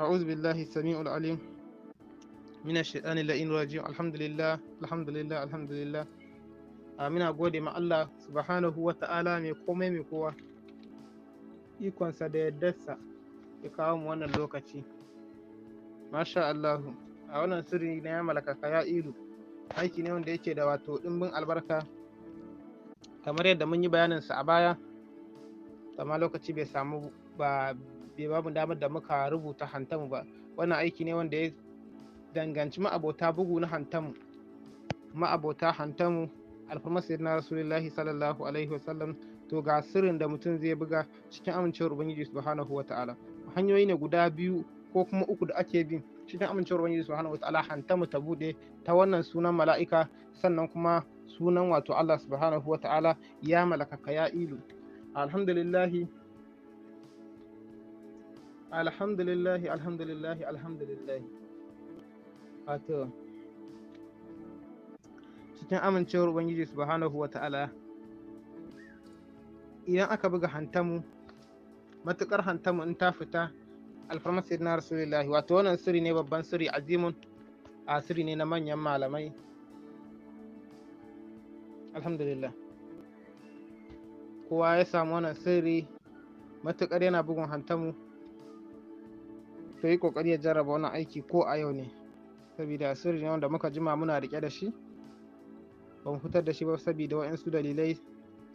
أعوذ بالله السميع العليم من الشيطان اللئين الرجيم الحمد لله الحمد لله gode ma Allah subhanahu wa ta'ala mai komai mai kowa ikonsa da yardarsa ya kawo mu wannan lokaci masha Allahu a wannan sirri na ya malakaka ya ilu aiki ne wanda yake da wato ɗimbin albarka kamar yadda mun yi bayaninsa a baya amma lokaci bai samu ba bai babu damar da muka rubuta hantamu ba wannan aiki ne wanda ya danganci ma'abota bugu na hantamu ma'abota hantamu alfarmar sayyidina rasulullahi sallallahu alaihi wasallam to ga sirrin da mutum zai buga cikin amincewar ubangiji subhanahu wa ta'ala hanyoyi ne guda biyu ko kuma uku da ake bi. cikin amincewar ubangiji subhanahu wa ta'ala hantamu ta bude ta wannan sunan mala'ika sannan kuma sunan wato Allah subhanahu wa ta'ala ya malakaka ya ilu alhamdulillahi alhamdulillahi alhamdulillahi alhamdulillahi wato cikin amincewar ubangiji subhanahu wa ta'ala idan aka buga hantamu matukar hantamu in ta fita alfarmar na rasulullahi wato wannan sirri ne babban sirri azimun a siri ne na manyan malamai alhamdulillah kowa ya samu wannan sirri matukar yana bugun hantamu to yi kokari ya jarraba wani aiki ko a yau ne saboda sirri ne wanda muka jima muna rike da shi Ba mu fitar da shi ba saboda waɗansu dalilai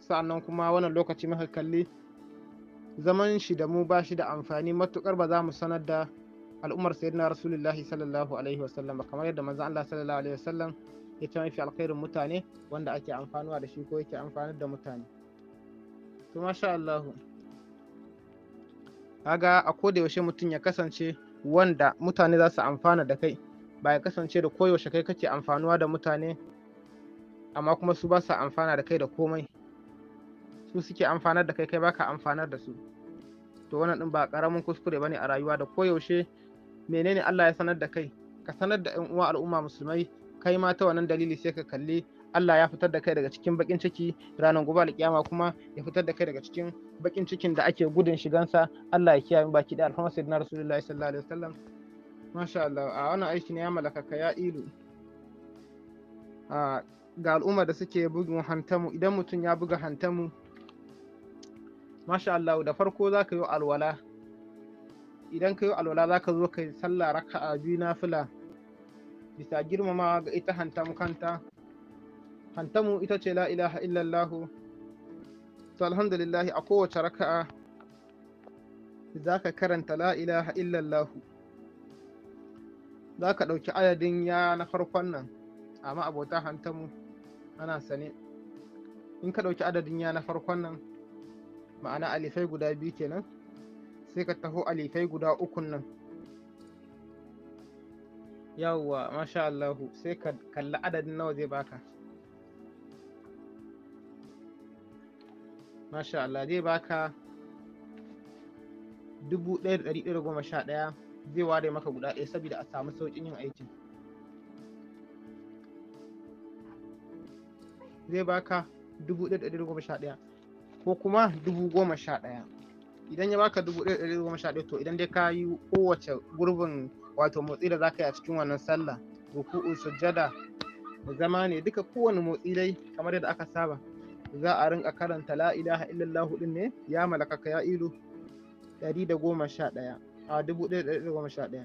sa'annan kuma wannan lokaci muka kalli zaman shi da mu ba shi da amfani matukar ba za mu sanar da al'ummar sayyidina rasulullahi sallallahu alaihi wasallam kamar yadda manzo Allah sallallahu alaihi wasallam ya ce mafi alkhairin mutane wanda ake amfanuwa da shi ko yake amfanar da mutane to masha Allah kaga a koda yaushe mutum ya kasance wanda mutane za su amfana da kai ba ya kasance da koyaushe kai kake amfanuwa da mutane amma kuma su ba su amfana da kai da komai su suke amfanar da kai kai baka amfanar da su to wannan din ba karamin kuskure bane a rayuwa da koyaushe menene Allah ya sanar da kai ka sanar da 'yan uwa al'umma musulmai kai ma ta wannan dalili sai ka kalli Allah ya fitar da kai daga cikin bakin ciki ranar gobe alkiyama kuma ya fitar da kai daga cikin bakin cikin da ake gudun shigansa Allah ya kiyaye baki da sai sayyidina rasulullahi sallallahu alaihi wasallam masha Allah a wannan aiki ne ya malaka ka ya ilu ga al'umma da suke bugun hantamu idan mutum ya buga hantamu masha Allah da farko za ka yi alwala idan ka yi alwala za ka zo ka yi sallah raka'a biyu na fila bisa girmamawa ga ita hantamu kanta hantamu ita ce la ilaha illallahu to alhamdulillahi a kowace raka'a za ka karanta la ilaha illallahu za ka ɗauki adadin ya na farkon nan amma abota hantamu ana sane in ka ɗauki adadin ya na farkon nan ma'ana alifai guda biyu kenan sai ka taho alifai guda ukun nan yawwa masha Allahu sai ka kalli adadin nawa zai baka masha Allah zai baka dubu ɗaya da ɗari ɗaya goma sha ɗaya zai ware maka guda ɗaya saboda a samu sauƙin yin aikin zai baka dubu ɗaya da ɗari goma sha ɗaya ko kuma dubu goma sha ɗaya idan ya baka dubu ɗaya da ɗari goma sha ɗaya to idan dai ka yi kowace gurbin wato motsi da za ka yi a cikin wannan sallah ruku'u sujjada zama ne duka kowane motsi dai kamar yadda aka saba za a rinka karanta la ilaha illallah din ne ya malakaka ya ilu 111 a 1111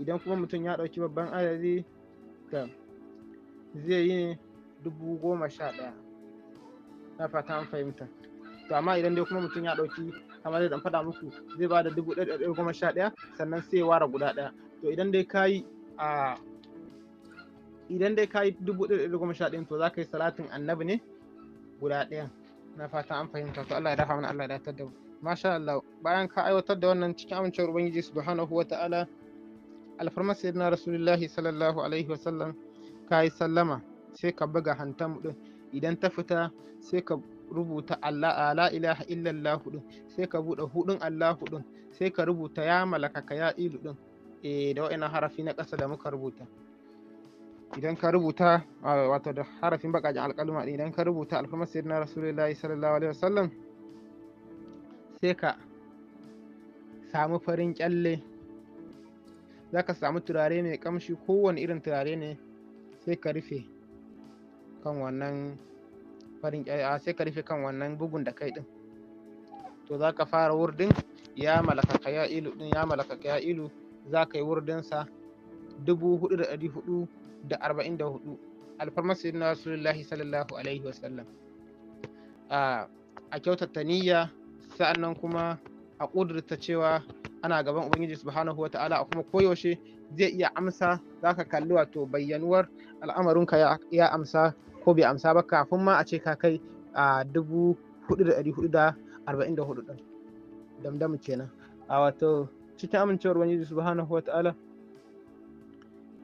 idan kuma mutum ya ɗauki babban adadi ta zai yi dubu goma sha ɗaya na fata an fahimta to amma idan dai kuma mutum ya ɗauki kamar dan faɗa muku zai ba da dubu goma sha ɗaya sannan sai ware guda ɗaya to idan dai ka yi a idan dai ka yi goma sha ɗaya to za ka yi salatin annabi ne guda ɗaya na fatan an fahimta to Allah ya dafa mana Allah ya datar da mu masha Allah bayan ka aiwatar da wannan cikin amincewar ubangiji subhanahu wa ta'ala alfarma sayyidina rasulullahi sallallahu alaihi wa sallam kai sallama sai ka buga hantan mu din idan ta fita sai ka rubuta Allah ala ah, ilaha illallah din sai ka bude hudun Allah din sai ka rubuta ya malaka ka ya ilu din eh da wa'ina harafi na ƙasa da muka rubuta idan ka rubuta wato da harafin bakajen alkalma idan ka rubuta alfama sayyidina rasulullahi sallallahu alaihi wasallam sai ka samu farin kyalle za ka samu turare mai kamshi kowane irin turare ne sai ka rufe kan wannan farin sai ka rufe kan wannan bugun da kai din to za ka fara wurdin ya malaka ya ilu din ya malaka ya ilu za ka yi wurdinsa dubu hudu da dari hudu da arba'in da hudu alfarmar na rasulullahi sallallahu alaihi wasallam a kyautata niyya sa'annan kuma a ƙudurta cewa ana gaban ubangiji subhanahu wa ta'ala a kuma koyaushe zai iya amsa za ka kalli wato bayyanuwar al'amarinka ya amsa ko bai amsa ba kafin ma a ce ka kai a dubu hudu da dari hudu da arba'in da hudu damdamu kenan a wato cikin amincewar ubangiji subhanahu wa ta'ala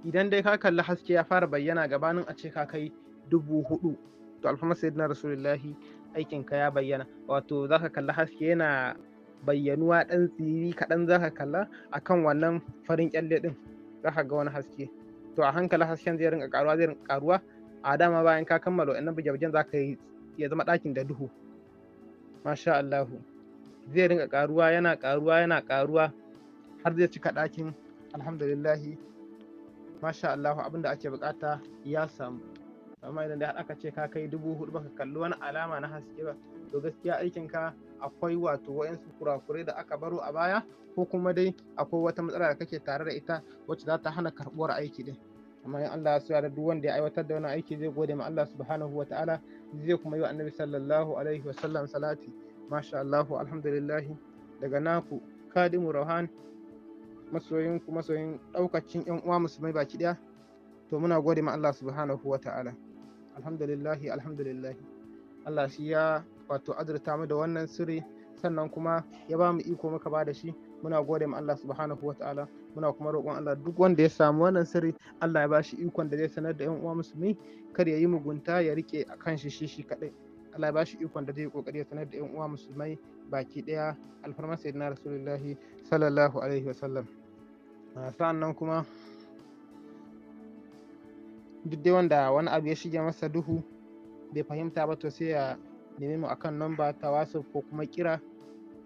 idan dai ka kalli haske ya fara bayyana gabanin a ce ka kai dubu hudu to alfama sayyidina rasulullahi aikin ka ya bayyana wato za ka kalli haske yana bayyanuwa dan tsiri kaɗan za ka kalla a kan wannan farin kyalle din za ka ga wani haske to a hankali hasken zai rinka karuwa zai rinka karuwa a dama bayan ka kammala wa'annan bujabujan za ka yi ya zama ɗakin da duhu masha Allahu zai rinka karuwa yana karuwa yana karuwa har zai cika ɗakin alhamdulillahi masha Allah da ake bukata ya samu amma idan da aka ce ka kai dubu hudu baka kalli wani alama na haske ba to gaskiya aikin ka akwai wato wayansu kurakure da aka baro a baya ko kuma dai akwai wata matsala da kake tare da ita wacce za ta hana karbuwar aiki din amma in Allah ya so da duk wanda ya aiwatar da wannan aiki zai gode ma Allah subhanahu wa ta'ala zai kuma yi wa annabi sallallahu alaihi wa sallam salati masha Allah alhamdulillah daga naku kadimu rohan masoyin ku masoyin ɗaukacin yan uwa musulmai baki ɗaya to muna gode ma Allah subhanahu wa ta'ala alhamdulillahi alhamdulillahi Allah shi ya wato azurta mu da wannan sirri sannan kuma ya ba mu iko muka ba da shi muna gode ma Allah subhanahu wa ta'ala. muna kuma roƙon Allah duk wanda ya samu wannan sirri Allah ya ba shi ikon da zai sanar da 'yan uwa musulmi kar ya yi mugunta ya rike a kan shi shi kaɗai Allah ya bashi ikon da zai kokari ya sanar da yan uwa musulmai baki daya alfarman sayyidina rasulullahi sallallahu alaihi wasallam ah, sa'an nan kuma duk dai wanda wani abu ya shige masa duhu bai fahimta ba to sai ya nemi mu akan namba ta wasu ko kuma kira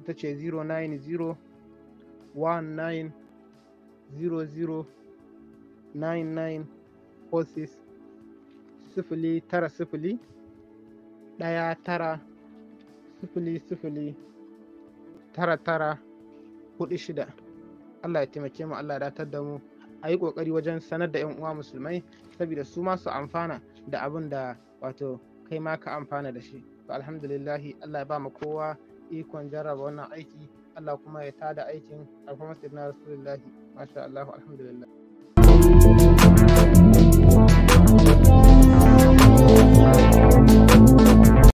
ita ce 090 19 00 99 sifili tara sifili ɗaya tara sifili sifili tara tara hudu shida Allah ya taimake mu Allah ya datar da mu a yi ƙoƙari wajen sanar da 'yan uwa musulmai saboda su ma su amfana da abin da wato kai ma ka amfana da shi to alhamdulillahi Allah ya ba mu kowa ikon jarraba wannan aiki Allah kuma ya tada aikin a kuma sirna rasulullahi masha Allah alhamdulillah